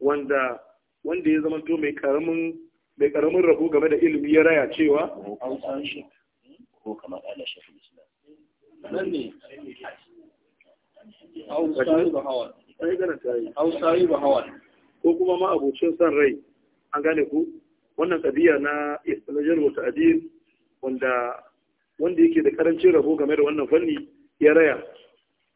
wanda wanda ya zama to mai karamin mai karamin rabo game da ilimi ya raya cewa ko kamar ala shafi islam nan ne ba hawa ko kuma ma abocin san rai an gane ku wannan kabiya na istilajar wata adil wanda wanda yake da karancin rabo game da wannan fanni ya raya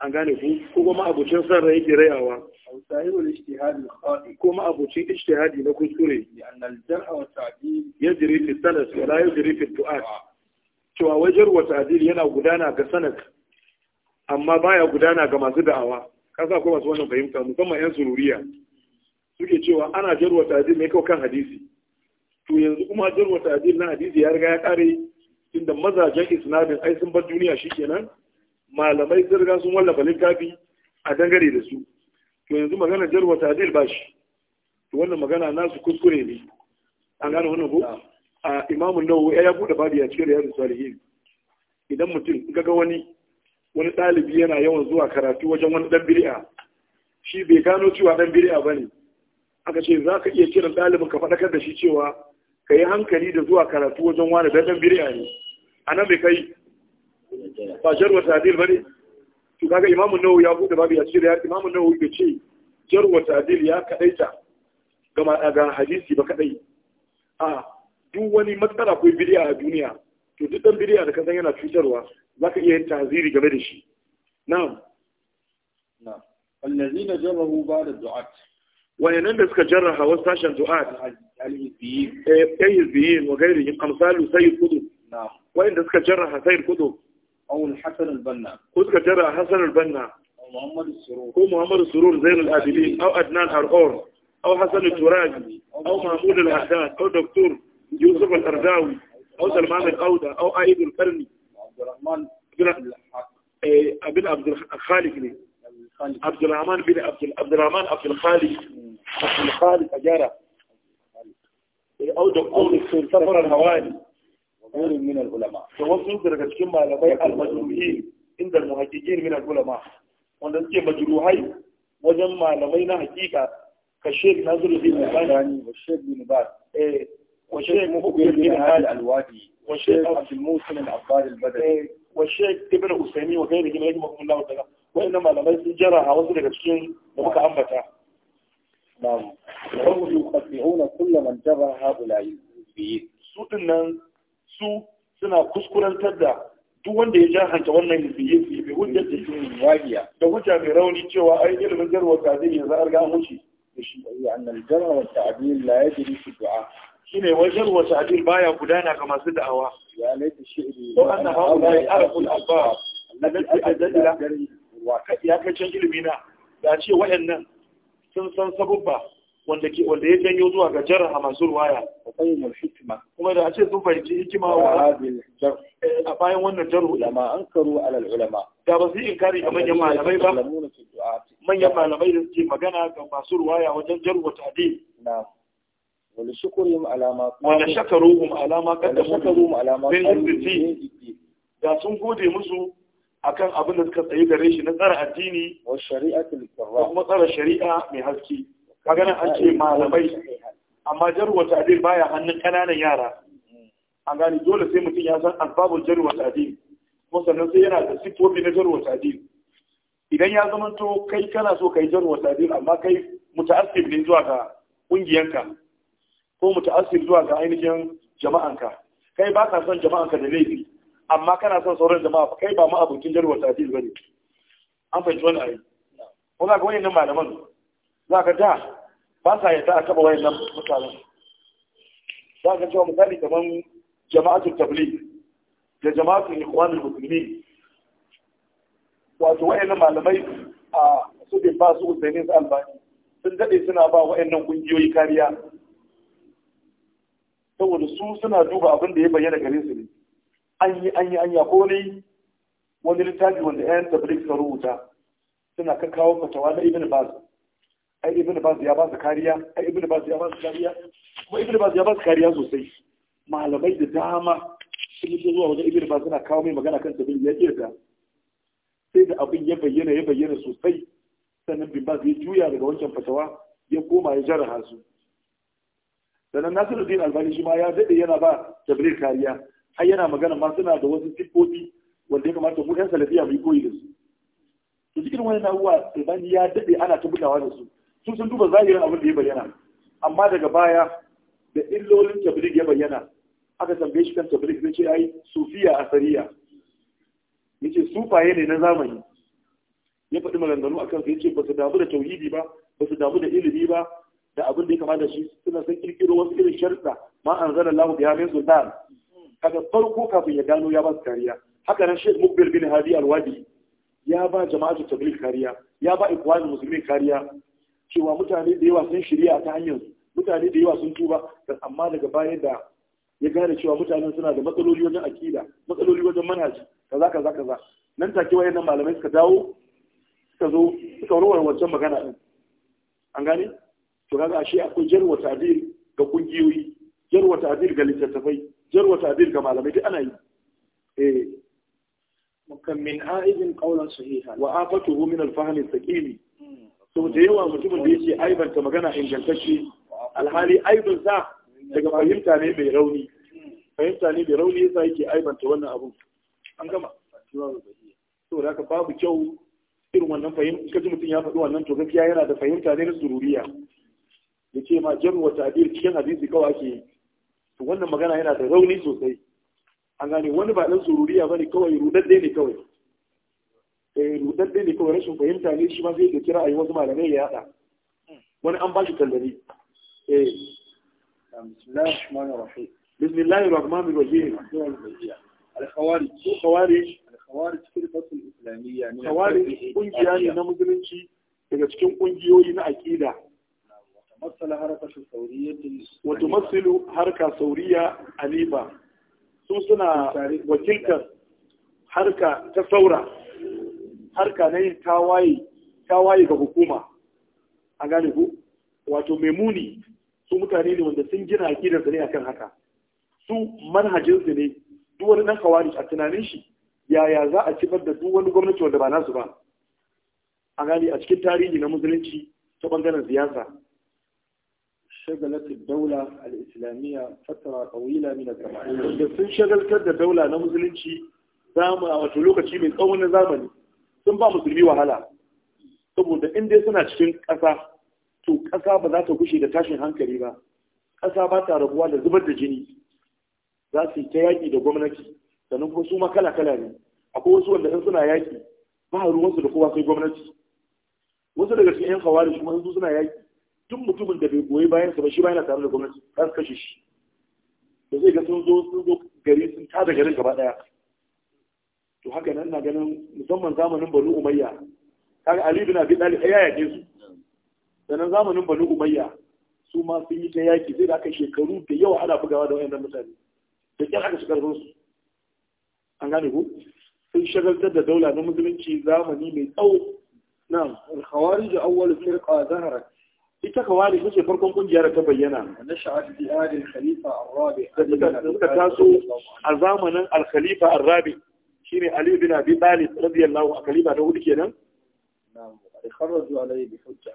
an gane ku ko kuma abucin san rai ke rayawa sahihul ijtihadi khati ko ma abucin ijtihadi na kuskure ya annal jar'a wa ta'dil yajri fi sanad wa la yajri fi du'at cewa wajar wa ta'dil yana gudana ga sanad amma baya gudana ga masu da'awa kasa ko masu wannan fahimta musamman yan sururiya suke cewa ana wa ta'dil ne kawai kan hadisi to yanzu kuma wa ta'dil na hadisi ya riga ya kare tunda mazajen isnadin ai sun bar duniya shikenan malamai sun sun wallafa littafi a dangare da su to yanzu magana jarwa tadil ba shi to wannan magana nasu kuskure ne an gane wannan ko a imamun nawawi ya buɗe babu ya cikin riyadu salihin idan mutum ga wani wani ɗalibi yana yawan zuwa karatu wajen wani ɗan biri'a shi bai gano cewa dan biri'a ba ne aka ce za ka iya kiran ɗalibin ka faɗakar da shi cewa ka yi hankali da zuwa karatu wajen wani dan biri'a ne a nan bai kai ba jarwa ta'dil bane to kaga imamu nawawi ya bude babu ya ce ya imamu nawawi bai ce jarwa ta'dil ya kadaita ga ga hadisi ba kadai a duk wani matsala ko bid'a a duniya to duk dan bid'a da kasan yana cutarwa zaka iya yin tahziri game da shi na'am na'am allazina jarrahu ba'da du'at wayannan da suka jarraha wasu tashin du'at al-hizbiyyin eh hizbiyyin wa ghairihim amsalu sayyid qutb na'am da suka jarraha sayyid qutb أو الحسن البنا كنت كترى حسن البنا أو محمد السرور هو محمد السرور زين العابدين أو أدنان أرقور أو حسن التراجي أو محمود الأحداث أو دكتور يوسف الأرداوي أو سلمان الأودة أو أيد القرني عبد الرحمن بن بن عبد إيه، الخالق لي عبد الرحمن بن عبد عبد الرحمن عبد الخالق عبد الخالق أجارة أو دكتور سفر الهوالي gairin min ulama da wasu daga cikin malamai al-majruhin inda al-muhaqqiqin min ulama wanda suke majruhai wajen malamai na hakika ka Sheikh Nazruddin Albani wa Sheikh bin Baz eh wa Sheikh Muhammad bin Ali al-Wadi wa Sheikh Abdul Musin al-Abbad al-Badri eh, wa Sheikh Ibn Usaymi wa gairin min rahimahumullahu ta'ala wa'annan malamai sun jaraha wasu daga cikin da muka ambata na'am wa hum yuqaddi'una kull man jara ha'ula'i bi su dinnan su suna kuskurantar da duk wanda ya jahanta wannan ya bi hujjar da shi wajiya da hujja mai rauni cewa ai ilimin jarwa ta zai yanzu an ga wuce da shi ai annal jarwa wa ta'dil la yajri fi du'a shine wa jarwa abin baya gudana ga masu da'awa ya laita shi'ri to anna haula ya'raful albab allati adalla wa ya kace ilimi na da ce wayannan sun san sabubba wanda ke wanda ya janyo zuwa ga jarraha masu ruwaya bayanin hikima kuma da a ce sun fahimci hikima wa eh, a bayan wannan jarhu ulama an karu alal ulama da ba su inkari ga manyan malamai ba manyan malamai da suke magana ga masu ruwaya wajen jarhu wa ta'dil na wani shukurihim alama wani shakaruhum alama qaddamu alama min da sun gode musu akan abin da suka tsaye gare shi na tsara addini wa da kuma tsara shari'a mai haske maganin an ce malamai amma jarwa ta'adil baya hannun kananan yara an gani dole sai mutum ya san albabul jarwa ta'adil kuma sannan sai yana da siffofi na jarwa ta'adil idan ya zama to kai kana so kai jarwa ta'adil amma kai muta'assib ne zuwa ga kungiyanka ko muta'assib zuwa ga ainihin jama'anka kai ba ka son jama'anka da laifi amma kana son sauran jama'a kai ba ma abokin jarwa ta'adil bane an fahimci wannan ayi kuma ga nan malaman za ka da ba sa yadda a taɓa nan mutane za ka cewa misali kamar jama'atul tabli da jama'atul ikhwanul musulmi? wato wayannan malamai a su bin ba su usainin su albani sun daɗe suna ba nan ƙungiyoyi kariya saboda su suna duba abin da ya bayyana gare su ne an yi an yi an yi ko ne wani littafi wanda 'yan tabligh suka rubuta suna kakkawo fatawa na ibn baz ai ibn baz ya ba su kariya ai ibn baz ya ba su kariya kuma ibn baz ya ba su kariya sosai malamai da dama sun yi zuwa wajen ibn baz suna kawo mai magana kan tafi ya kirga sai da abin ya bayyana ya bayyana sosai sannan bin baz ya juya daga wancan fatawa ya koma ya jaraha su sannan nasiruddin albani shi ma ya daɗe yana ba tabrir kariya Ai yana magana ma suna da wasu siffofi wanda ya kamata mu ɗan salafiya mu yi koyi da su to cikin wani na'uwa albani ya daɗe ana ta bugawa da su su sun duba zahirin abin da ya bayyana amma daga baya da illolin tabrik ya bayyana aka tambaye shi kan tabrik zai ce ai sufiya asariya yace sufaye ne na zamani ya faɗi maganganu a kansa yace ba su damu da tauhidi ba ba su damu da ilimi ba da abin da ya kamata shi suna san kirkiro wasu irin sharɗa ma an zana lahu biya min sultan kaga farko kafin ya dano ya ba su kariya haka nan Sheikh Mukbil bin Hadi Alwadi ya ba jama'atu tabligh kariya ya ba ikwani musulmin kariya cewa mutane da yawa sun shirya ta hanyar mutane da yawa sun tuba amma daga bayan da ya gane cewa mutane suna da matsaloli wajen akida matsaloli wajen manhaji kaza kaza kaza nan take wayannan malamai suka dawo suka zo suka warware wancan magana din an gane to kaga ashe akwai jarwa ta'dil ga kungiyoyi jarwa ta'dil ga littattafai jarwa ta'dil ga malamai duk ana yi eh mukammin a'idin qawlan sahiha wa afatuhu min al-fahm al-thaqili to da yawa mutumin da yake aibanta magana ingantacce alhali aibin sa daga fahimta ne mai rauni fahimta ne mai rauni yasa yake aibanta wannan abu an gama to da ka babu kyau irin wannan fahimta kaji mutum ya faɗi wannan to gaskiya yana da fahimta ne na sururiya da ce ma Jan wata ta'dil cikin hadisi kawai ake yi to wannan magana yana da rauni sosai an gane wani ba dan sururiya bane kawai rudadde ne kawai Eh, rudadde ne kawai rashin fahimta ne shi ma zai a ra'ayi wasu malamai ya yada wani an ba shi tallabi eh. ƙungiya ne na musulunci daga cikin kungiyoyi na aƙida وتمثل حركة ثورية وتمثل حركة su suna wakiltar harka ta saura. harka na yin tawaye tawaye ga hukuma a gane ku wato memuni su mutane ne wanda sun gina akidar ne akan haka su manhajin su ne duk wani dan kawari a tunanin shi yaya za a cibar da duk wani gwamnati wanda ba nasu ba a gane a cikin tarihi na musulunci ta bangaren siyasa shagalatar daula al-islamiyya fatara qawila min al-zaman da sun shagaltar da daula na musulunci a wato lokaci mai tsawon zamani sun ba musulmi wahala saboda in dai suna cikin ƙasa to ƙasa ba za ta gushe da tashin hankali ba ƙasa ba ta rabuwa da zubar da jini za su yi ta yaƙi da gwamnati sannan kuma su ma kala kala ne akwai wasu wanda in suna yaƙi ba ruwansu da kowa sai gwamnati wasu daga cikin 'yan hawari kuma in suna yaƙi duk mutumin da bai goyi bayan sa ba shi ba yana tare da gwamnati za su kashe shi da zai ga sun zo sun zo gari sun tada garin gaba ɗaya to haka nan na ganin musamman zamanin Bani umayya kaga ali bin abi talib ya yake su sannan zamanin Bani umayya su ma sun yi ta yaki zai da aka shekaru da yawa ana bugawa da wayannan mutane da kyar aka shigar su an gane ku sun shagaltar da daula na musulunci zamani mai tsawo na'am al-khawarij awwal firqa zaharat ita kawari ce farkon kungiyar ta bayyana na sha'ad bi'ad al-khalifa ar-rabi da suka taso a zamanin al-khalifa ar-rabi ne Ali bin Abi Talib radiyallahu anhu kaliba a hudu kenan na'am kharaju alayhi bi hujja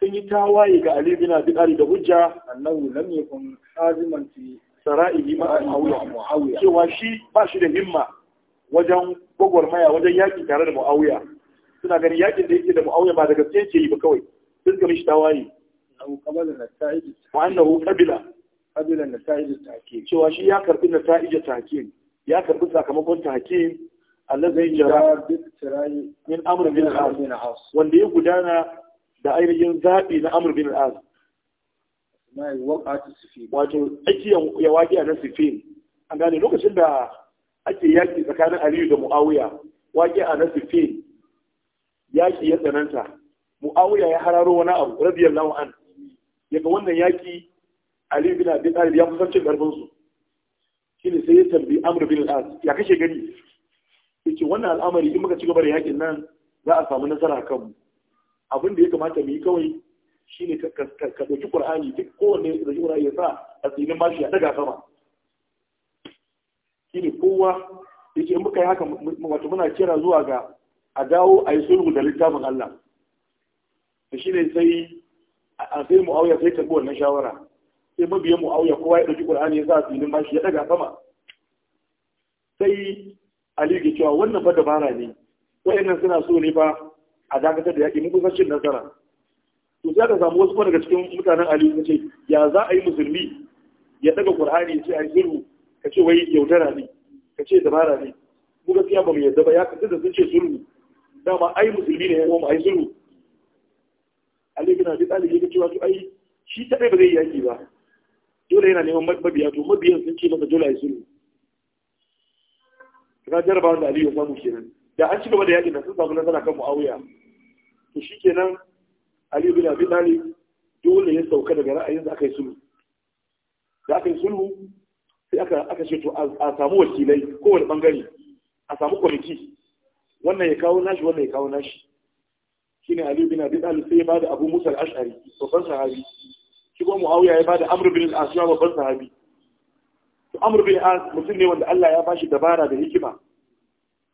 sun yi tawaye ga Ali bin Abi Talib da hujja annahu lam yakun haziman fi sara'i ma Muawiya cewa shi ba shi da himma wajen gwagwarmaya wajen yaki tare da Muawiya suna ganin yakin da yake da Muawiya ba da gaske yake yi ba kawai sun ga mishi tawaye wa annahu qabila qabila nata'ij at-tahkim cewa shi ya karbi nata'ij at-tahkim ya karbi sakamakon ta hakim allazai jara min amr bin al wanda ya gudana da ainihin zaɓi na amr bin al wato ake ya waƙi a nan sifin an gane lokacin da ake yaƙi tsakanin aliyu da mu'awiya waƙi a nan sifin yaƙi ya tsananta mu'awiya ya hararo wani abu rabiyar Lawan an yaga wannan yaƙi aliyu bin abi talib ya kusancin ƙarfinsu shine sai ya tambi amr bin al-as ya kashe gani yace wannan al'amari in muka ci gaba da yakin nan za a samu nasara a kanmu abin da ya kamata mu yi kawai shine ka ɗauki qur'ani duk kowanne da qur'ani ya sa a tsinin mashi ya daga sama shine kowa yace in muka yi haka wato muna kira zuwa ga a dawo a yi sulhu da littafin Allah da shi ne sai a sai mu mu'awiya sai karɓi wannan shawara sai mabiya mu auya kowa ya ɗauki ƙur'ani ya sa filin bashi ya ɗaga sama sai ali ke cewa wannan fa dabara ne wayannan suna so ne fa a dakatar da yaƙi mun kusa nasara to sai aka samu wasu kuma daga cikin mutanen ali suka ce ya za a yi musulmi ya ɗaga ƙur'ani ya ce a yi sulhu ka ce wai yaudara ne ka ce dabara ne mu gaskiya ba mu yarda ba ya kasance da sun ce sulhu dama ai musulmi ne ya mu ai sulhu Ali na ji ɗalibi ya cewa wasu ai shi ɗaya ba zai yi yaƙi ba dole yana neman mabiya to mabiyan sun ce masa dole ya sulhu ka jarraba wanda aliyu samu kenan da an ci gaba da yakin da sun samu nasara kan muawiya to kenan aliyu bin abi talib dole ya sauka daga ra'ayin da aka yi sulhu da aka yi sulhu sai aka aka ce to a samu wakilai kowane bangare a samu kwamiti wannan ya kawo nashi wannan ya kawo nashi shine aliyu bin abi talib sai ya bada abu musa al-ash'ari babban sahabi shi kuma muawiya ya bada amr bin al-as ya babban sahabi to amr bin al-as mutum ne wanda Allah ya bashi dabara da hikima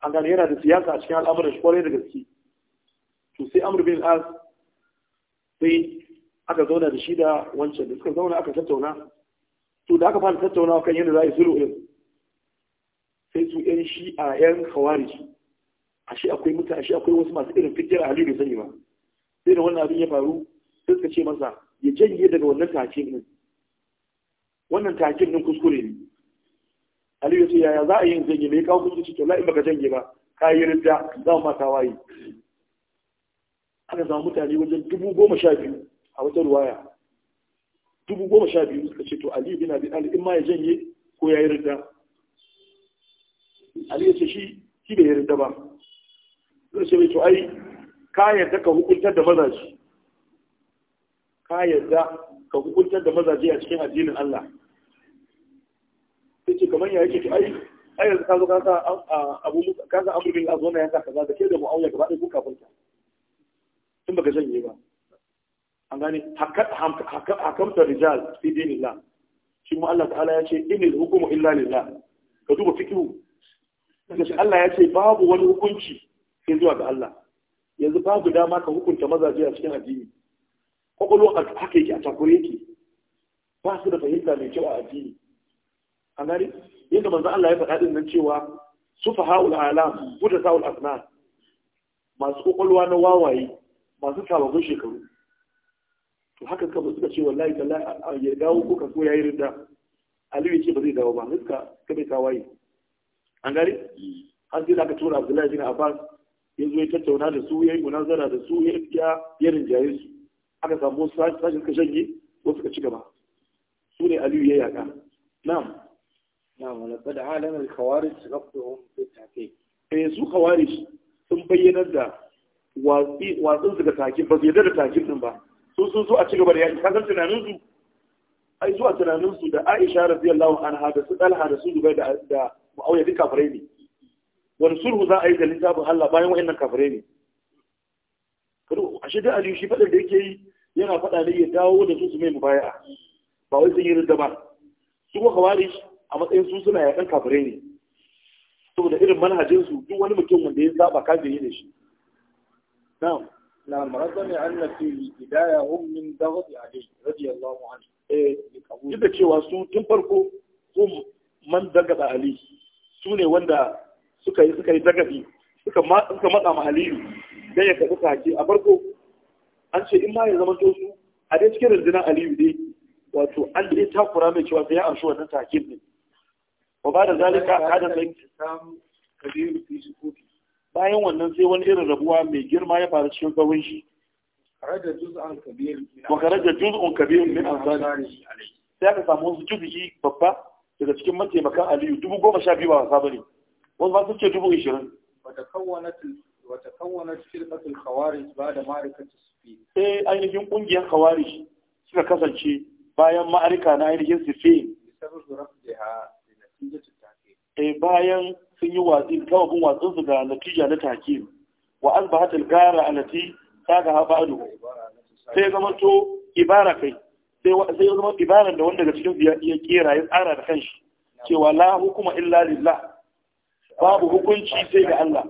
an gane yana da siyasa a cikin al'amuran shi kwarai da gaske to sai amr bin al-as sai aka zauna da shi da wancan da suka zauna aka tattauna to da aka fara tattaunawa kan yadda za a yi sulhu din sai su yan shi'a yan A ashe akwai mutane ashe akwai wasu masu irin fikir a halin da sani ba sai da wannan abin ya faru sai suka ce masa ya janye daga wannan takin din wannan takin din kuskure ne Ali ya ce yaya za a yi janye mai kawo kuskure to la'in baka janye ba ka yi ridda za mu mata waye aka samu mutane wajen dubu goma sha biyu a wata ruwaya dubu goma sha biyu suka ce to Ali bin Abi Talib in ma ya janye ko ya yi ridda Ali ya ce shi shi bai yi ridda ba zai ce to ai ka yarda ka hukuntar da mazaji ka yarda ka hukuntar da mazaje a cikin addinin Allah sai ce kamar ya yake ai ai yanzu ka zo ka sa abu ka sa amur bin zo na yanka kaza da ke da mu'awiya gaba ɗaya ku kafirta in baka janye ba an gane ta rijal fi dinillah shi mu Allah ta'ala ya ce inil hukumu illa lillah ka duba fikihu daga shi Allah ya ce babu wani hukunci sai zuwa ga Allah yanzu babu dama ka hukunta mazaje a cikin addini kwakwalwa a haka yake a takure yake ba su da fahimta mai kyau a addini an gani yadda manzan Allah ya faɗaɗin nan cewa fahawul alam budasaul asnan masu kwakwalwa na wawaye masu sababbin shekaru to haka kama suka ce wallahi a ya dawo ko ka ya yi rinda Aliyu ya ce ba zai dawo ba suka kame tawaye an gani an zai da aka tura Abdullahi bin Abbas ya zo ya tattauna da su ya yi munazara da su ya yi rinjaye su aka samu sashen suka shanye wasu suka ci gaba su ne aliyu ya yaka na'am na'am da kada kawari su khawarij rafduhum fi taqiq eh su kawari sun bayyana da watsi watsin su ga takin ba su yadda da takin din ba su sun su a ci gaba da yaki kasar tunanin su ai zuwa tunanin su da Aisha radiyallahu anha da su Talha da su dubai da da Muawiya duk kafirai ne wani sulhu za a yi da littafin Allah bayan wa'annan kafirai ne ashe da Aliyu shi faɗin da yake yi yana faɗa ne ya dawo da su su mai mubaya ba wai sun yi ridda ba su kuma kawari a matsayin su suna yaƙan kafirai ne saboda irin manhajin su duk wani mutum wanda ya saba kafiri ne shi na'am na ne an na fi hidaya hum min dawati ali radiyallahu anhu eh duk da cewa su tun farko ko man da ali su ne wanda suka yi suka yi dagabi suka matsa ma aliyu dan ya karɓi kake a farko an ce in ma ya zama to su a dai cikin rundunar aliyu dai wato an dai takura mai cewa sai ya amshi wannan takin ne wa ba da zalika kada sai bayan wannan sai wani irin rabuwa mai girma ya faru cikin gawin shi wa karaja juz'un kabir min ansari sai aka samu wasu juz'i babba daga cikin mataimakan aliyu dubu goma sha biyu ba wasa bane wasu ba sun ce dubu ishirin wata kawwanar firqatul khawarij ba da ma'rifatu sufi sai ainihin kungiyar khawarij suka kasance bayan ma'arika na ainihin sufi eh bayan sun yi watsi kawabin watsin su ga natija na takim wa asbahat al-gara allati saga habadu sai zama to ibara kai sai zama ibara da wanda daga cikin ya kera ya tsara da kanshi cewa la hukuma illa lillah babu hukunci sai ga Allah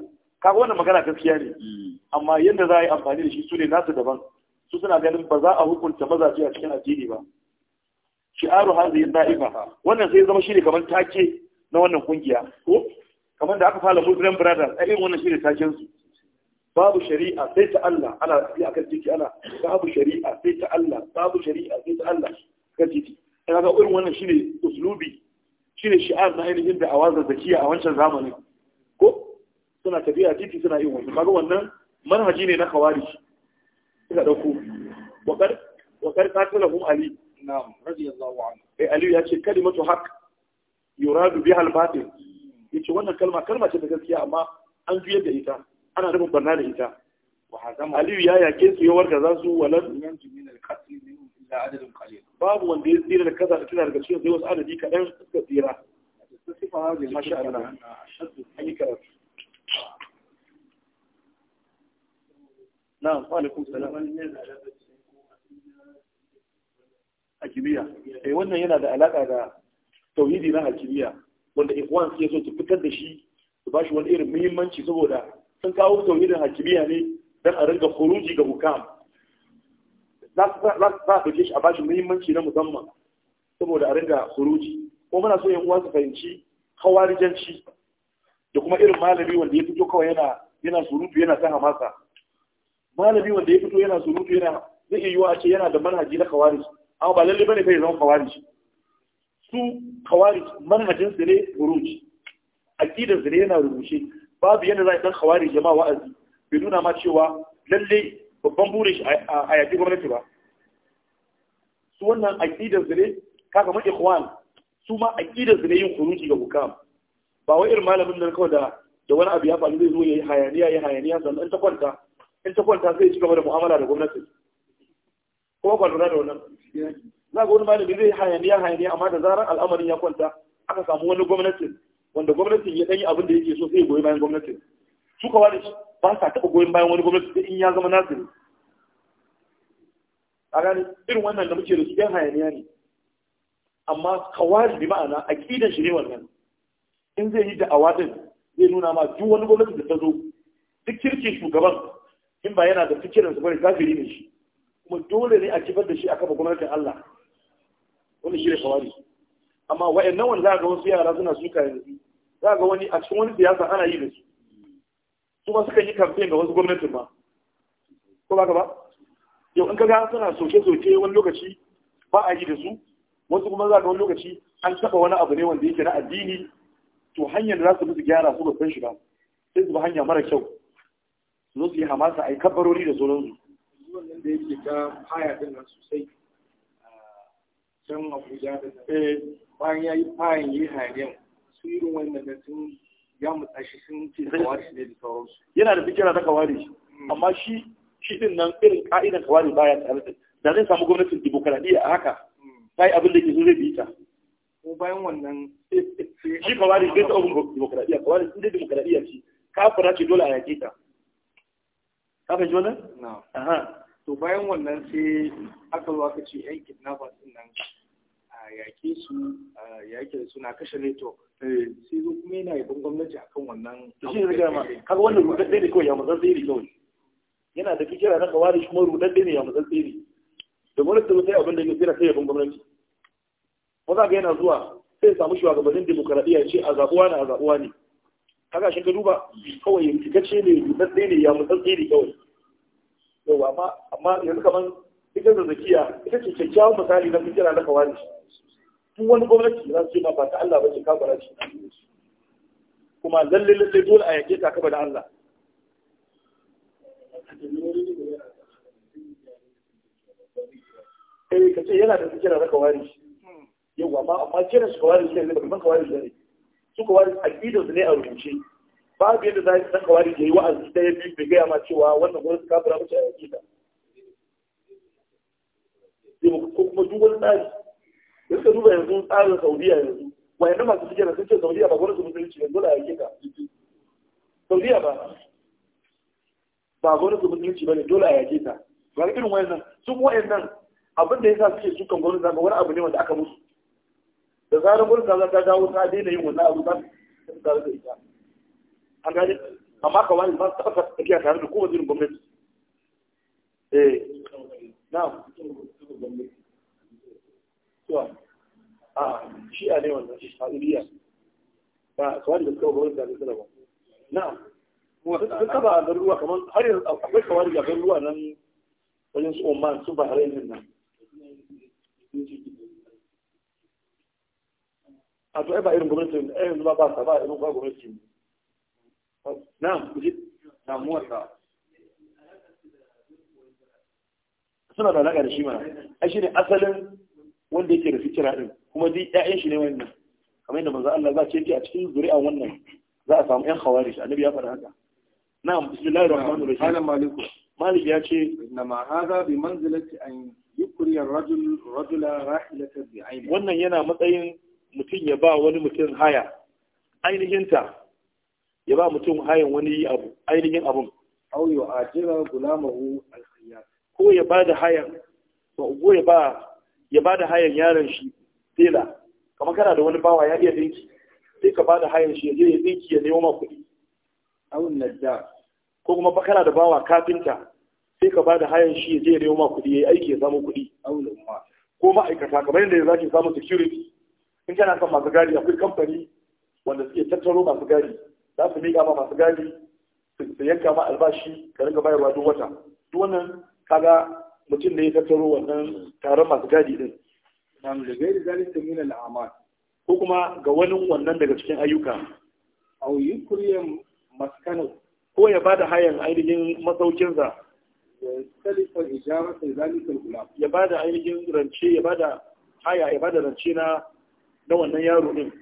kaga wannan magana gaskiya ne hmm. amma yadda za a yi amfani da shi su ne nasu daban su suna ganin ba za a hukunta mazaje a cikin addini ba shi'aru hazihi da'ifa wannan sai zama shine kamar take na wannan kungiya ko kamar da aka fara Muslim Brothers a irin wannan shine taken su babu shari'a sai ta Allah ana tafi akan titi ana babu shari'a sai ta Allah babu shari'a sai ta Allah kan titi kaga irin wannan shine uslubi shine shi'ar na ainihin da awazar zakiya a wancan zamanin suna tafiya titi suna yin wani kaga wannan manhaji ne na kawari suka dauko wakar wakar hu ali na'am radiyallahu anhu eh ali ya ce kalimatu haqq yuradu biha al-batil yace wannan kalma kalma ce ta gaskiya amma an juyar da ita ana nufin barna da ita wa ali ya yake su yawar da zasu walad min min jinin al-qatl illa adadun qalil babu wanda ya tsira da kaza da tana daga cikin sai wasu adadi kadan suka tsira masha Allah an yi karatu na'am wa alaikum salam akibiya eh wannan yana da alaka da tauhidi na akibiya wanda ikwan sai so su fitar da shi su bashi wani irin muhimmanci saboda sun kawo tauhidin hakibiya ne don a ringa kuruji ga hukam za a ɗauke shi a bashi muhimmanci na musamman saboda a ringa kuruji ko muna so yan uwa su fahimci hawarijanci da kuma irin malami wanda ya fito kawai yana surutu yana ta hamasa malami wanda ya fito yana surutu yana zai iya yiwuwa ce yana da manhaji na kawari amma ba lalle bane kai zama kawari su kawari manhajin su ne buruji aqidar su ne yana rubuce babu yadda za a dan kawari jama'a wa'azi bai nuna ma cewa lalle babban burin shi a yaki gwamnati ba su wannan aqidar su ne kaka mu ikhwan su ma aqidar su ne yin kuruji ga hukam ba wai irin malamin nan kawai da da wani abu ya faru zai zo yayi hayaniya yayi hayaniya sannan ta kwanta in ta kwanta sai ci gaba da mu'amala da gwamnati ko ba lura da wannan za ga wani malami zai hayaniya hayaniya amma da zarar al'amarin ya kwanta aka samu wani gwamnati wanda gwamnati ya ɗanyi abin da yake so sai ya goyi bayan gwamnati, su kawa da ba sa taɓa goyon bayan wani gwamnati sai in ya zama nasiri a gani irin wannan da muke da su ɗan hayaniya ne amma kawari bi ma'ana aƙidan shi ne wannan in zai yi da awadin zai nuna ma duk wani gwamnati da ta zo duk kirkin shugaban in ba yana da fikirin su bane kafiri ne shi kuma dole ne a kifar da shi a kafa gwamnatin Allah wani shi ne kawari amma wa'annan wanda za ga wasu yara suna suka yanzu za ga wani a cikin wani siyasa ana yi da su su ma suka yi kamfen ga wasu gwamnatin ma ko ba ka ba yau in ka ga suna soke-soke wani lokaci ba a yi da su wasu kuma za ga wani lokaci an taɓa wani abu ne wanda yake na addini to hanyar da za su musu gyara su ba san shi ba sai su ba hanya mara kyau su hamasa a yi kabarori da sauransu wannan eh. ya yi fayan yi su ya mutsa shi sun ce kawari ne yana da fikira ta kawari hmm. amma shi shi din nan irin ka'idan kawari baya tare da da zai samu gwamnatin dimokuraɗiyya a haka hmm. ta yi abin da ke so zai bi ko bayan wannan shi kawari zai ta abin dimokuraɗiyya kawari sun dai dimokuraɗiyya ce kafira ce dole a yaƙe ta ka fahimci wannan aha to bayan wannan sai aka zuwa ka ce yan kidnapper din nan a yaƙe su a yaƙe su na kashe network eh, sai zo kuma yana yabon gwamnati akan wannan shi ne ga ma kaga wannan rudadde ne kawai ya matsan tsiri kawai yana da fikira na kawari kuma rudadde ne ya matsan tsiri da mulki da sai abin da ya tsira sai yabon gwamnati ko ga yana zuwa sai ya samu shugabannin demokaradiyya ce a zaɓuwa ne a zaɓuwa ne kaga shi ka duba kawai rikitacce ne rikitacce ne ya mutsatsi ne kawai Yau amma amma yanzu kaman ita zazzakiya ita ce kyakkyawan misali na fikira na kawari tun wani gwamnati za su ce ma ba ta Allah ba ce kafara ce kuma lalle lalle dole a yake ta kaba da Allah eh ka ce yana da fikira na kawari Yau amma amma kiran shi kawari shi ne ba kaman kawari shi ne Suka kawari aƙidar su ne a rubuce babu yadda za ka wari ya yi wa'azi ɗaya biyu bai gaya ma cewa wannan gwamnati kafira mace a aƙida ko kuma duk wani tsari da suka duba yanzu tsarin saudiya yanzu wayannan masu suke sun ce saudiya ba gwamnati musulunci yanzu da yake ka saudiya ba ba gwamnati musulunci ba ne dole a yake ta ga irin wayannan sun wayannan abin da yasa suke sukan gwamnati zaka wani abu ne wanda aka musu da zarar gurin kaza ta dawo ta daina yin wannan abu ba ta da ita an gane amma ka wani ba ta taɓa tafiya tare da kowace irin gwamnati eh na a shi a ne wannan sha'iriya ba kawai da suka gwamnati da suka ba na sun taba a garuruwa kamar har yanzu akwai kawai a garuruwa nan wajen su oman su bahrain nan ato to ba irin gwamnati ai yanzu ba ba sa ba irin gwamnati na kuji na muwasa suna da alaƙa da shi mana ai shine asalin wanda yake da fikira din kuma duk ƴaƴan shi ne wannan kamar yadda manzo Allah za ce yake a cikin zuri'an wannan za a samu ƴan khawarij annabi ya faɗa haka na'am bismillahir rahmanir rahim qala maliku malik ya ce inna ma hadha bi manzilati an yukriya ar-rajul rajula rahilatan bi ayni wannan yana matsayin mutum ya ba wani mutum haya ainihinta ya ba mutum hayan wani abu ainihin abun au a jira gulamahu al ko ya ba da hayan ko ya ba ya ba da hayan yaron shi tela kamar kana da wani bawa ya iya dinki sai ka ba da hayan shi ya je ya dinki ya nemo ma kuɗi au nadda ko kuma ba kana da bawa kafinta sai ka ba da hayan shi ya je ya nemo ma kuɗi ya yi aiki ya samu kuɗi au umma ko ma'aikata kamar yadda ya zaki samu security in kana son masu gadi akwai kamfani wanda suke tattaro masu gadi za su miƙa ma masu gadi su yanka ma albashi ka rinka bayarwa duk wata duk wannan kaga mutum ne ya tattaro wannan taron masu gadi din nam da gairi zalika min ko kuma ga wani wannan daga cikin ayyuka aw yukriya maskanu ko ya bada hayan ainihin masaukinsa salifa ijaratu zalika al ya bada ainihin rance ya ba da haya ya ba da rance na na wannan yaro ɗin.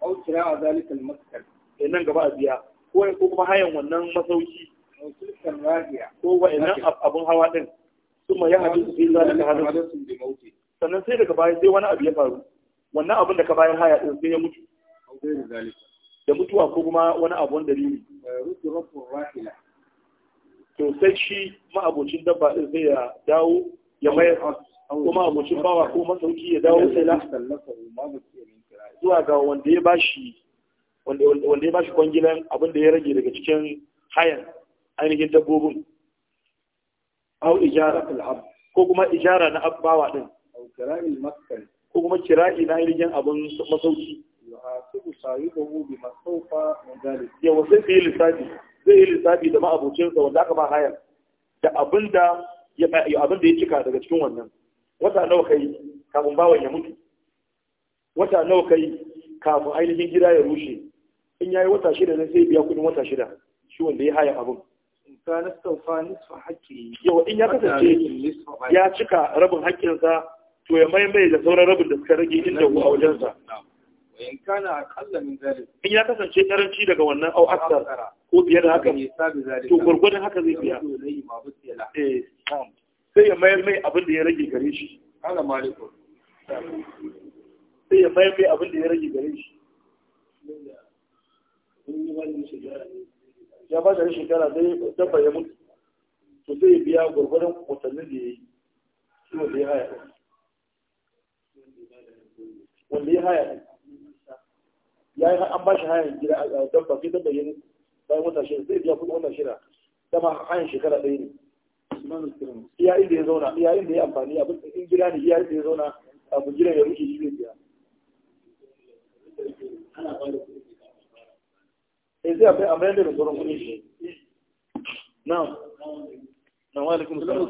A kira a zalikal maskar da e, nan gaba a biya ko kuma hayan wannan masauki au tilkan rahiya ko wa'annan abun hawa din kuma ya hadu sai zalika hadathun sannan sai daga baya sai wani abu ya faru wannan abin da ka bayar haya din sai ya mutu zalika da mutuwa ko kuma wani abu wanda rini. Eh, rudu rafu rahila to sai shi ma'abocin dabba din sai ya dawo ya mayar kuma mutum bawa ko masauki ya dawo sai zuwa ga wanda ya bashi wanda ya bashi kwangilan abin da ya rage daga cikin hayan ainihin dabbobin au ijara ko kuma ijara na abbawa din ko kuma kira'i na ainihin abin masauki yawa sai ka yi lissafi zai yi lissafi da ma'abocinsa wanda aka ba hayan da abin da ya cika daga cikin wannan wata nawa kai kafin bawan ya mutu wata nawa kai kafin ainihin gida ya rushe in yayi wata shida ne sai biya kudin wata shida shi wanda ya haya abin kana saufa nisfa haƙƙi yau in ya kasance ya cika rabin haƙƙinsa to ya mai mai da sauran rabin da suka rage inda ku a wajensa in kana aqalla min zalik in ya kasance karanci daga wannan au aksar ko biyar da haka to gurgurdan haka zai biya eh sai ya mayar mai abin da ya rage gare shi ana maliko sai ya mayar mai abin da ya rage gare shi ya ba da shekara dai dabba ya mutu to zai ya biya gwargwadon watannin da ya yi shi wanda ya haya wanda ya haya ya yi an ba shi hayan gida a dabba sai dabba ya bayan wata shida zai biya kudin wata shida dama hayan shekara ɗaya ne iya inda ya zauna iya inda ya amfani abin gida ne iya inda ya zauna abu gida ya rushe shi ne biya eh sai akwai ne da sauran kuɗi shi na'am na'am alaikum salam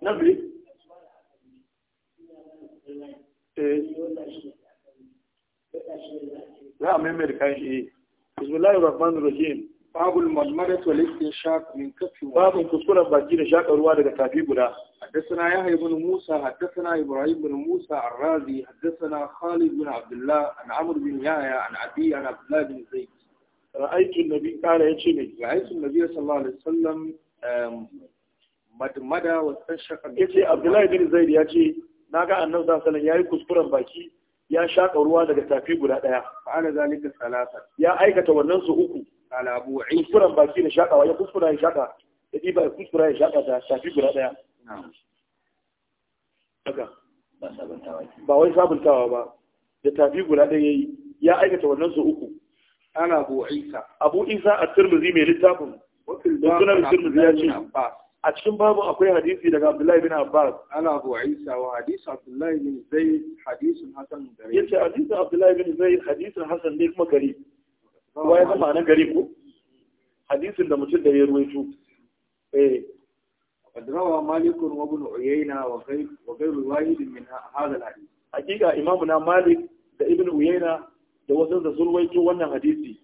na eh, eh. a maimaita kayan bismillahir rahmanir rahim babul malmada to listin shaq min kafi babun kuskuren baki da shakar ruwa daga tafi guda حدثنا يحيى بن موسى حدثنا ابراهيم بن موسى الرازي حدثنا خالد بن عبد الله عن عمرو بن يحيى عن عدي عن عبد الله بن زيد رايت النبي قال يجي رايت النبي صلى الله عليه وسلم madmada wa tashaqa yace Abdullahi bin Zaid ya ce naga Annabi sallallahu alaihi um, yayi kuskuren baki ya shaka ruwa daga tafi guda ɗaya. daya ana zalika salasa ya aikata wannan su uku ala baki da shakawa ya kuskura ya shaka ya diba ya kuskura ya shaka da shafi guda daya ba wai sabuntawa ba da tafi guda daya yayi ya aikata wannan su uku ana abu isa abu isa mai littafin sunan tirmidhi ya a cikin babu akwai hadisi daga Abdullahi bin Abbas ana Abu Isa wa hadisi Abdullahi bin Zaid hadisin Hassan yace hadisin Abdullahi bin Zaid hadisin Hassan ne kuma gari kowa ya zama nan gari ko hadisin da mutum da ya ruwaito eh qad rawa malik wa ibn uyayna wa ghayr wa ghayr wahid min hadha al-hadith hakika na malik da ibn uyayna da wasu da sun ruwaito wannan hadisi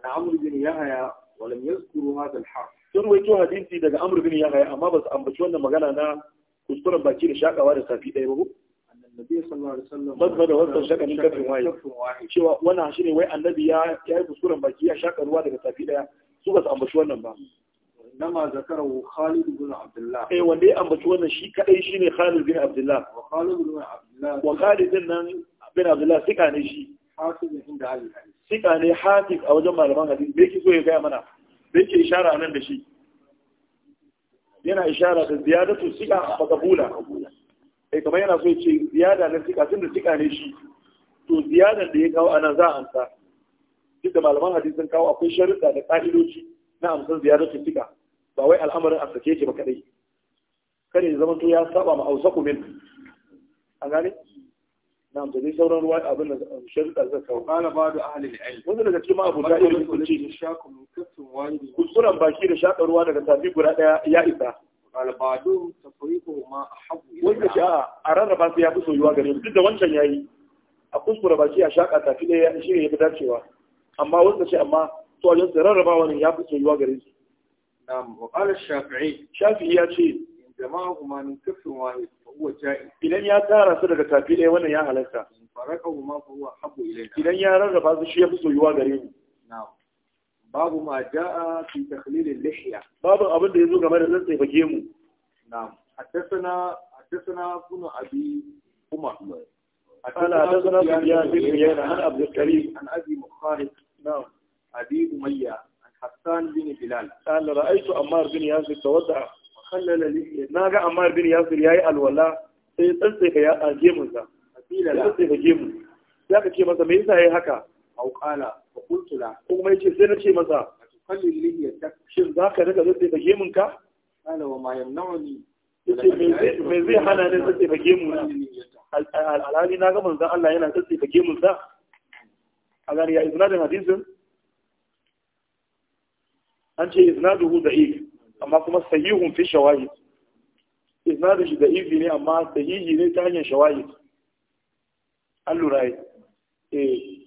ana amr bin yahya wa lam yazkuru hadha al-harf sun ruwaito hadisi daga amr bin yahya amma ba su ambaci wannan magana na kuskuren baki da shakawa da safi ɗaya ba bazba da wasan shakalin kafin waye cewa wannan shi ne wai annabi ya yi kuskuren baki ya shaƙa ruwa daga tafi daya su ba su ambaci wannan ba nama zakarahu Khalid bin Abdullah eh wanda ya ambaci wannan shi kadai shine Khalid bin Abdullah wa Khalid bin Abdullah wa Khalid nan bin Abdullah sika ne shi hafiz inda ahli hadith sika ne hafiz a wajen malaman hadith me yake so ya gaya mana me yake ishara nan da shi yana ishara da ziyadatu sika fa qabula eh kamar yana so ya ce ziyada na cika tun da cika ne shi to ziyadan da ya kawo ana za a amsa duk da malaman hadisin kawo akwai sharuɗa da ƙa'idoci na amsar ziyadar ta cika, ba wai al'amarin a sake yake ba kadai kada ya zamanto ya saba ma ausaku min an gane na amsa ne sauran ruwa abin da sharuɗa zai kawo ana ba da ahli ilmi wanda daga cikin abu da ya yi kuskuren baki da shaƙar ruwa daga tafi guda ɗaya ya isa albadu tafriqu ma ahabu wanda ja a rarraba su ya fi soyuwa gare su duk da wancan yayi a kuskura shi a shaka tafi ne ya shi ya fi dacewa amma wanda ce amma to wajen su rarraba wani ya fi soyuwa gare su na'am wa qala shafi'i shafi'i ya ce jama'a kuma min kafin wahid fa huwa ja'i idan ya tara su daga tafi ɗaya wannan ya halarta faraka huma fa huwa habu ilayna idan ya rarraba su shi ya fi soyuwa gare mu na'am babu ma ja'a fi takhlilil lihya babu abin da yazo game da zantsai fage mu na'am hadathana hadathana kunu abi kuma hadathana hadathana sufyan bin yana an abd al-karim an abi mukhalid na'am abi umayya an hasan bin bilal qala ra'aytu ammar bin yazid tawadda khallal lihya naga ammar bin yazid yayi alwala sai tsantsai ka ya ajemu sa ya la sai fage mu ya kace masa me yasa yayi haka au qala fa qultu la ko kuma yace sai na ce masa tukalli lihiyatak shin zaka rika zai da gemun ka qala wa ma yamna'uni me zai hana ne zai da gemun na alhali na ga manzon Allah yana zai da gemun sa a gani ya isnadin hadisin an ce isnaduhu da'if amma kuma sahihun fi shawahid isnadin shi da'if ne amma sahihi ne ta hanyar shawahid an lura eh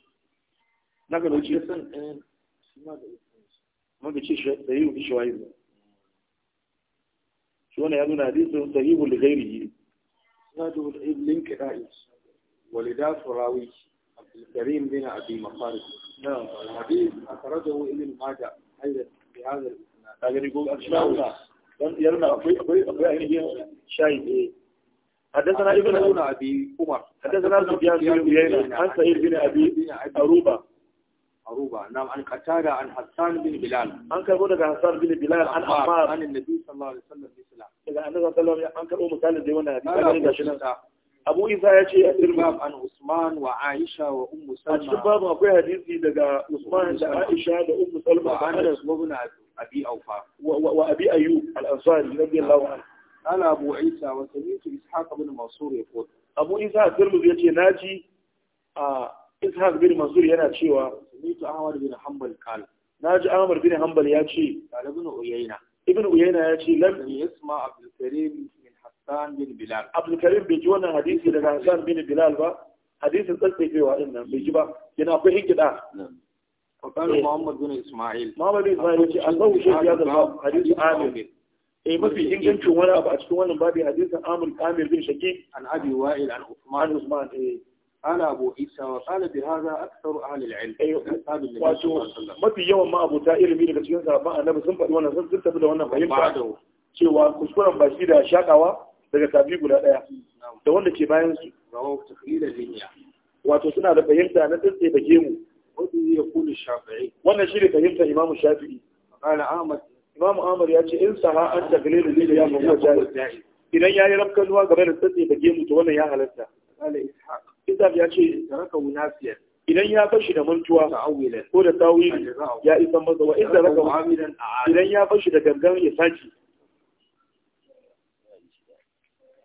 na ga eh, dauki san ɗin ma ga ce sahihu bi shawahid shi ya nuna hadisin sahihu li ko akwai حدثنا ابن ابي عمر حدثنا سفيان بن عيينه عن سعيد بن ابي اروبه نعم عن قتادة عن حسان بن بلال عن كربو دقى حسان بن بلال عن عمار عن النبي صلى الله عليه وسلم بسلام إذا أنه صلى الله عليه وسلم عن كربو مثال ديونا أبو إيسا يأتي الباب عن عثمان وعائشة وأم سلمة أجل باب أقوى حديثي دقى عثمان وعائشة وأم سلمة وعن وابن أبي أوفا وأبي أيوب الأنصاري رضي الله عنه قال أبو عيسى وسمعت إسحاق بن منصور يقول أبو إيسا الترمذي يأتي ناجي إسحاق بن منصور ينا تشيوا Samitu Ahmad bin Hanbal kal. Na ji Ahmad bin Hanbal ya ce. Ibn Uyayna. ya ce lam yasma Abdul Karim bin Hassan bai ji wannan hadisi daga Hassan bin Bilal ba. nan bai ba. Yana akwai hikida. Fakar Ismail. ce Allah shi ya zaba hadisi Amir. Eh mafi ingancin wani abu a cikin wannan babu hadisin Amir Amir bin Shakik. An Abi Wa'il Usman. قال أبو عيسى وقال بهذا أكثر أهل العلم أصحاب ما في يوم ما أبو تائر daga cikin sahabban annabi sun faɗi wannan sun tafi da wannan fahimta cewa kuskuren bashi da daga tabi guda daya da wanda ke bayan su wato suna da fahimta na tsitse da gemu wannan shi fahimta imamu shafi'i imamu ahmad ya ce in saha an taglil da ya mamu jari idan ya yi rafkanuwa game da tsitse da gemu to wannan ya halatta Kitab ya ce, Raka Wunasiyar, idan ya fashi da mantuwa ta ko da tawi ya isa masa wa idan ya fashi da gangan ya saki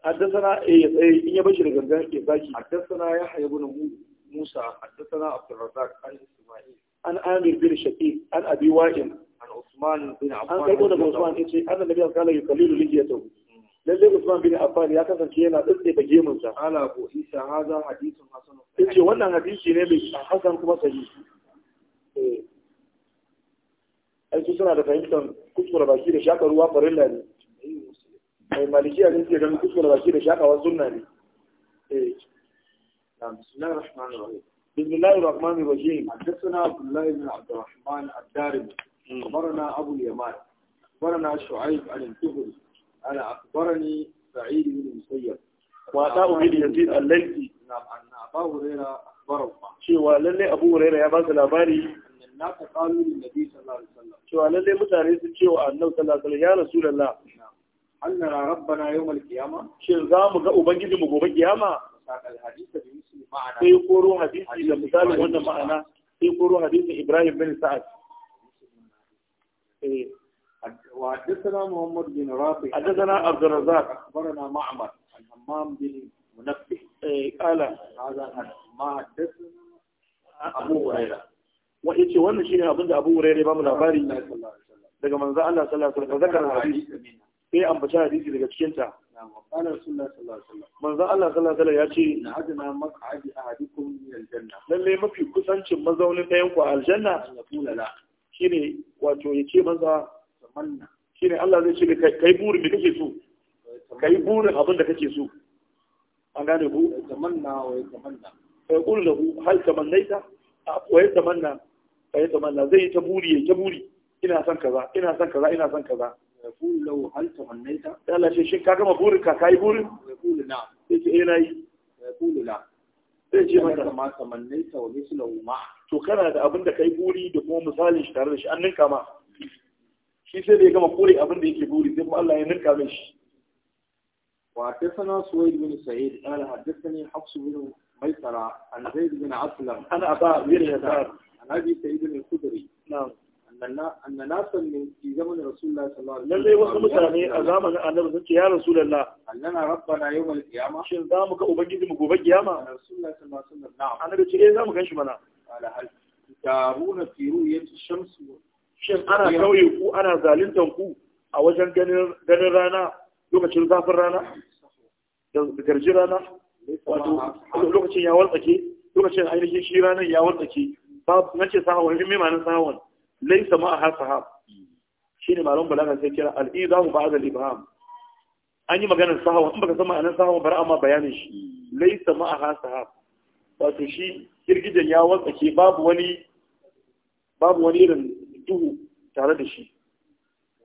haddasana eh, eh in ya fashi da gangan ya saki haddasana ya hayi gunan musa haddasana abdurrazak an isma'il an amir bin shaqiq an abi wa'il an usman bin abdullah an kai da usman yace annabi sallallahu alaihi wasallam yukallilu lalle Usman bin Affan ya kasance yana da gemun sa ala ko isa haza hadisun hasan yace wannan hadisi ne mai hasan kuma sahihi eh ai suna da fahimtar kuskure baki da shaka ruwa farilla ne mai maliki a ke da kuskure baki da shaka wa sunna ne eh bismillahir rahmanir rahim bismillahir rahmanir rahim haddathana abdullahi bin abdurrahman ad-darimi أخبرنا أبو اليمان أخبرنا شعيب عن الزهري ana akbarani sa'id bin musayyab wa ta'u bin yazid al-laythi na anna abu hurairah abu hurairah ya ba su labari annaka qalu lin mutane sun ce wa annabi sallallahu ya rasulullah anna shin za mu ga ubangiji mu gobe kiyama sai koro hadisi da misalin wannan ma'ana sai koro hadisin Ibrahim bin Sa'ad وحدثنا محمد بن رافع حدثنا عبد الرزاق اخبرنا معمر عن همام بن منبه قال هذا ما حدثنا ابو هريره وإيش وانا شيء أبن أبو هريرة بام الأباري daga manzo Allah sallallahu alaihi wasallam zakar hadisi sai an bace hadisi daga cikin ta manzo Allah sallallahu alaihi wasallam ya ce na adana maq'adi ahadikum min aljanna lalle mafi kusancin mazaunin ɗayan ku aljanna shine wato yace manzo tatamanna shine Allah zai ce kai burin me kake so kai burin abin da kake so an gane ku tamanna wa tamanna fa da lahu hal tamannaita wa tamanna fa yatamanna zai yi ta buri ya ta buri ina son kaza ina son kaza ina son kaza yaqulu lahu hal tamannaita ya Allah shin ka gama burin ka kai burin yaqulu na sai ce eh nayi yaqulu la sai ce mata ma tamannaita wa mislahu ma to kana da abin da kai buri da kuma misalin shi tare da shi an ninka ma shi sai da ya gama kore abin da yake buri sai kuma Allah ya ninka mai shi وحدثنا سويد بن سعيد قال حدثني حفص بن ميسرة عن زيد بن عسلم عن عطاء بن يسار عن ابي سعيد الخدري نعم أن ناسا من في زمن رسول الله صلى الله عليه وسلم لله وصل مثلا أزامن أن رسولك يا رسول الله أننا ربنا يوم القيامة شن زامك أبجد مكوب القيامة رسول الله صلى الله عليه وسلم نعم أنا بتشيء زامك إيش منا على هل تارون في رؤية الشمس shin ana kauye ku ana zalintan ku a wajen ganin rana lokacin zafin rana da garji rana wato lokacin ya waltsake lokacin ainihin shi ranar ya wartsake babu ce sahawar yin mimanin sahawar laisa ma a har sahab ne malon balaga sai kira al-idahu ba'da al-ibham an yi maganar sahawar in baka san ma'anar sahawar bari amma bayanin shi laisa hasa sahab wato shi girgijen ya waltsake babu wani babu wani irin duhu tare da shi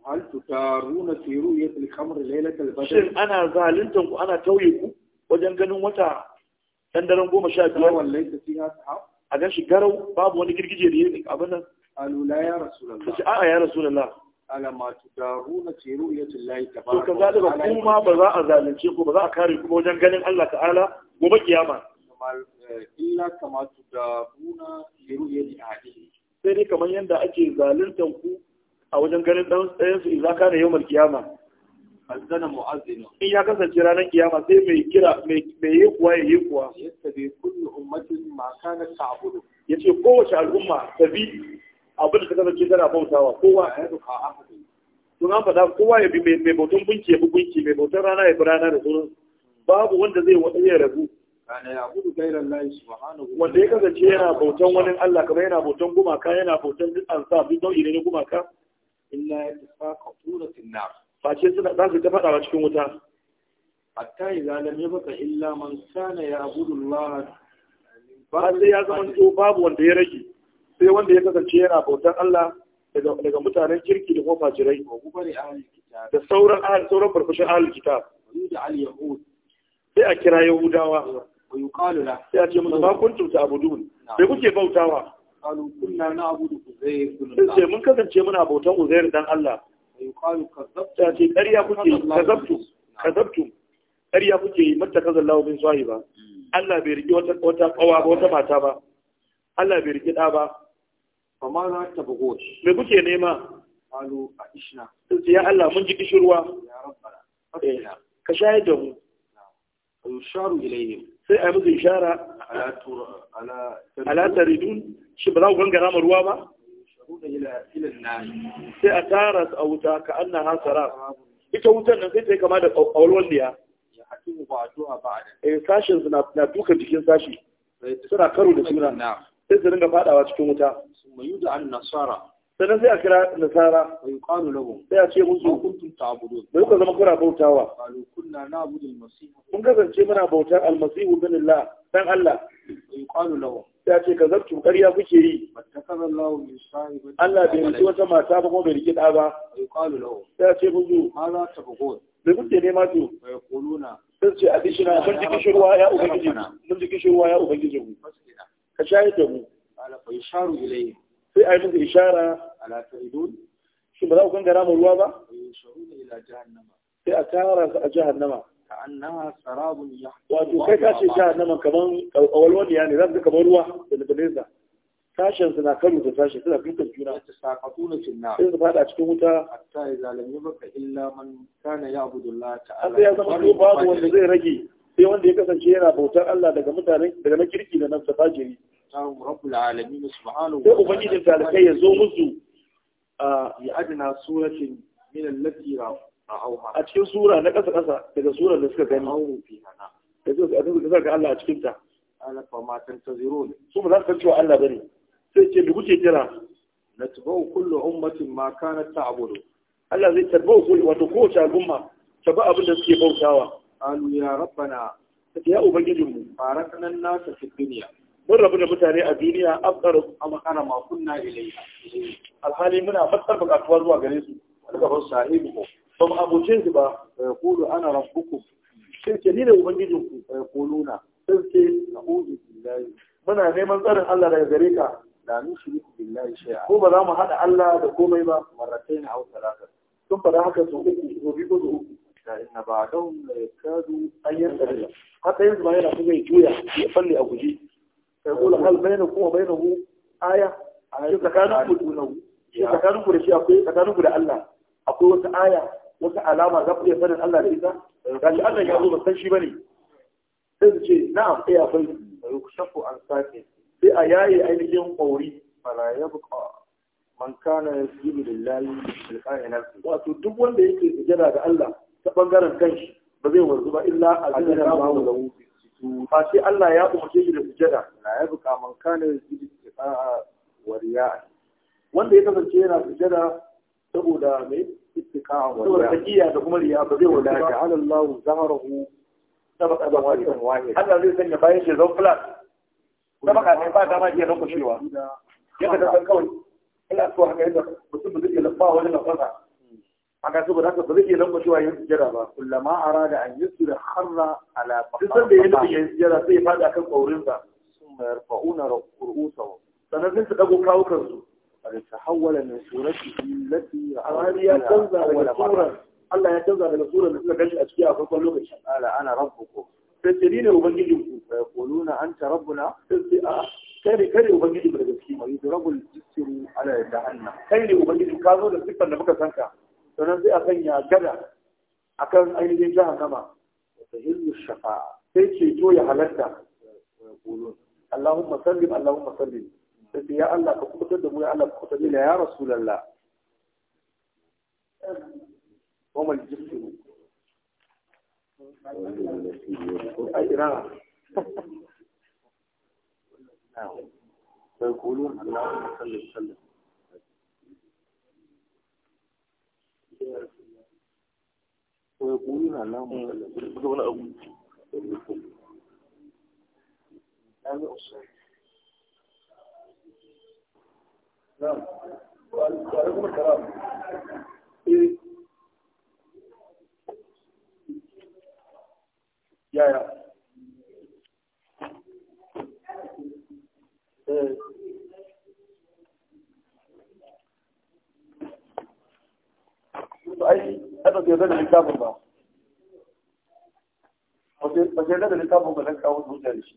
hal tutaruna fi ru'yat al-qamar laylat al shin ana zaluntan ku ana tauye ku wajen ganin wata dan daren goma sha biyar wallahi ta fiha a gan shi garau babu wani girgije da yake abin nan alula ya rasulullah sai a'a ya rasulullah ala ma tutaruna fi ru'yat Allah tabaraka to kazalika kuma ba za a zalunce ku ba za a kare ku wajen ganin Allah ta'ala gobe kiyama eh, illa kama tutaruna fi ru'yat sai dai kamar yadda ake zaluntan ku a wajen ganin dan tsayin su izaka kana yau kiyama azana mu'azzin in ya kasance ranar kiyama sai mai kira mai yi kuwa ya yi kuwa yastabi kullu ummatin ma kana ta'budu yace kowace al'umma ta bi abin da ta kasance tana bautawa kowa ya duka ahadu Tun an faɗa kowa ya bi mai bautan gunki ya bi gunki mai bautan rana ya bi rana da sauran babu wanda zai ya rabu kana ya gairan lahi subhanahu wanda ya kasance yana bautan wani Allah kamar yana bautan gumaka yana bautan duk sa, duk nau'i ne na gumaka illa yatafaqatuna fil nar face suna za su ta fada cikin wuta hatta idza lam yabqa illa man kana ya abudu Allah ba sai ya zama to babu wanda ya rage sai wanda ya kasance yana bautan Allah daga mutanen kirki da kuma fajirai da sauran sauran farfashin ahlul kitab da yahud sai a kira yahudawa wa yuqalu la sai a ce musu ba kuntum ta'budun sai kuke bautawa qalu kunna na'budu mun kasance muna bautan uzair dan Allah wa yuqalu kazzabta ce ƙarya kuke yi Allah bai da kuke nema ya Allah mun ji kishirwa eh, ka mu sai a yi musu ishara ala taridun shi ba za ku gangara ma ruwa ba sai a tara a wuta ka an na hasara ita wutan nan sai ta yi kama da ƙwaƙwalwar liya eh su na dukan jikin sashi suna karo da suna sai su ringa fadawa cikin wuta an nasara sannan sai a kira nasara wa yuqalu sai a ce musu kuntum ta'budun bai ku zama kuna bautawa qalu kunna na'budu al-masih mun kasance muna bautar al-masih bin Allah dan Allah wa yuqalu sai a ce kuke yi Allah bai riki wata mata ba kuma bai rike da ba a ce musu hada tabqul bai nema sai mun ji ya ubangiji mun ka mu ala fa sai a yi musu ishara ala ta'idun shi ba za ku gangara mu ruwa ba eh, sai a tara su a jahannama ka'annaha sarabun yahdu wato kai ka ce jahannama kaman awalwaniya ne za su kaman ruwa da daga sashen suna karu da sashen suna dukkan juna tasaqatuna fil nar sai su fada cikin wuta hatta ya lam yabqa illa man kana ya'budu Allah ta'ala sai ya zama ko babu wanda zai rage sai wanda ya kasance yana bautar Allah daga mutane daga na kirki da nan fajiri tahu rabbul alamin subhanahu sai ubangijin talakai ya zo musu ya adana suratin min allati ra'awha a cikin sura na kasa kasa daga sura da suka gani da suka ga Allah a cikin ta ala fa ma tantazirun su ba za su cewa Allah bane sai ce da kuke kira natba'u kullu ummatin ma kanat ta'budu Allah zai tabbau kullu wato kowace al'umma ta ba abin da suke bautawa qalu ya rabbana ya ubangijinmu farakna an-nasa fi dunya mun rabu da mutane a duniya afkaru a makana makunna ilayya alhali muna fatar bukatuwa zuwa gare su daga ban sahibi ko ba mu abuce su ba kulu ana rabbuku sai ce ni da ubangijin ku kuluna sai ce na'udhu billahi muna neman tsarin Allah daga gare ka la nushriku billahi shay'a ko ba za mu hada Allah da komai ba marratayn aw thalatha sun fara haka su uku ko biyu ko uku da inna ba'dahum la yakadu ayyatan hatta yanzu ba yana kuma ya juya ya falle a guje sai kula hal baina ku baina hu aya shi tsakanin ku da shi tsakanin ku da shi akwai tsakanin ku da Allah akwai wata aya wata alama za ku iya sanin Allah da ita gashi Allah ya zo ba san shi bane sai su ce na'am eh akwai yukshafu an sake sai a yaye ainihin kauri fala yabqa man kana yasjudu lillahi tilqa'a nafsi wato duk wanda yake sujada ga Allah ta bangaren kanshi ba zai wanzu ba illa azza wa jalla ba Allah ya umarce shi da sujada na ya buka man kana su istiqa'a wa wanda ya kasance yana sujada saboda me istiqa'a wariya riya'a saboda da kuma riya ba zai ta Allah zaharahu sabaka da wahid Allah zai sanya bayan shi sabaka ne ba dama ya rukushewa yadda da kawai ina so haka yadda mutum da lafa wani haka saboda haka ba zai iya lankwashewa yin sujjada ba kullama arada an yi su da harra ala duk sanda ya nufi yin sujjada sai ya kan akan ba. sun mayar fa'una ru'usahu sannan sai su ɗago kawo kansu bal tahawwala min surati allati arada ya canza daga suran Allah ya canza daga suran da suka gashi a ciki a farkon lokaci ala ana rabbukum sai ce ni ne ubangijinku fa yaquluna anta rabbuna sai ce a'a kai ne kai ne ubangijinku da gaske mai rabbul jisiru ala jahannam kai ne ubangiji ka zo da siffar da muka sanka sannan sai a sanya gada akan ainihin jahannama wata hillu shafa'a sai ceto ya halatta Allahumma sallim Allahumma sallim sai ya Allah ka kubutar da mu ya Allah ka kubutar da ya Rasulullah wa mal jismu ai ira sai kulun Allahumma sallim sallim ويقولون اللهم يقولون أبو هذا أصول نعم وعليكم السلام يا يا ايه to ai kada yarda da littafin ba ba yarda da littafin ba zan kawo da shi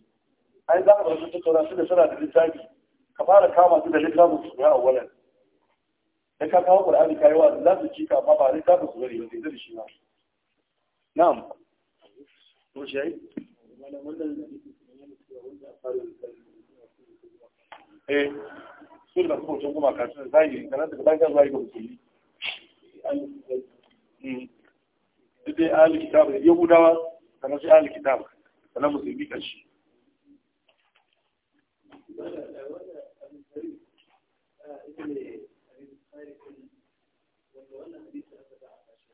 ai za ka su da suna da littafi ka fara kama su da littafin su ya awalan da ka kawo ka yi wa za su cika amma ba littafin su ba shi ba na'am to shi ai eh sun da kuma kuma kasu zai yi kana da bayan zai sai ahli kitab yahudawa sannan sai ahli kitab sannan musulmi kashi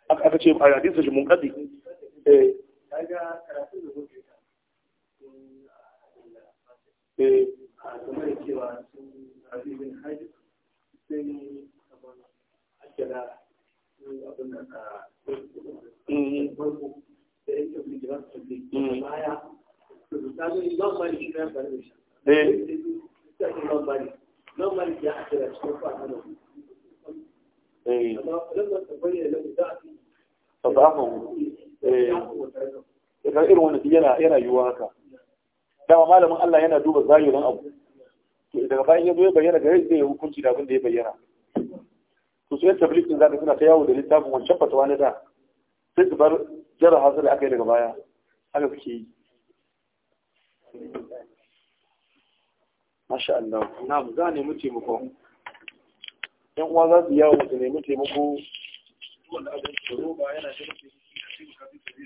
aka ce a hadisin shi mun kadi zahirin abu to daga bayan ya zo ya bayyana gare zai yi hukunci da abin da ya bayyana to su yan tablik din zaka suna ta yawo da littafin wancan fatawa na da sai su bar jara hasar da aka yi daga baya haka suke yi masha Allah na'am za nemi taimako yan uwa za su yawo su nemi taimako wanda abin da roba yana da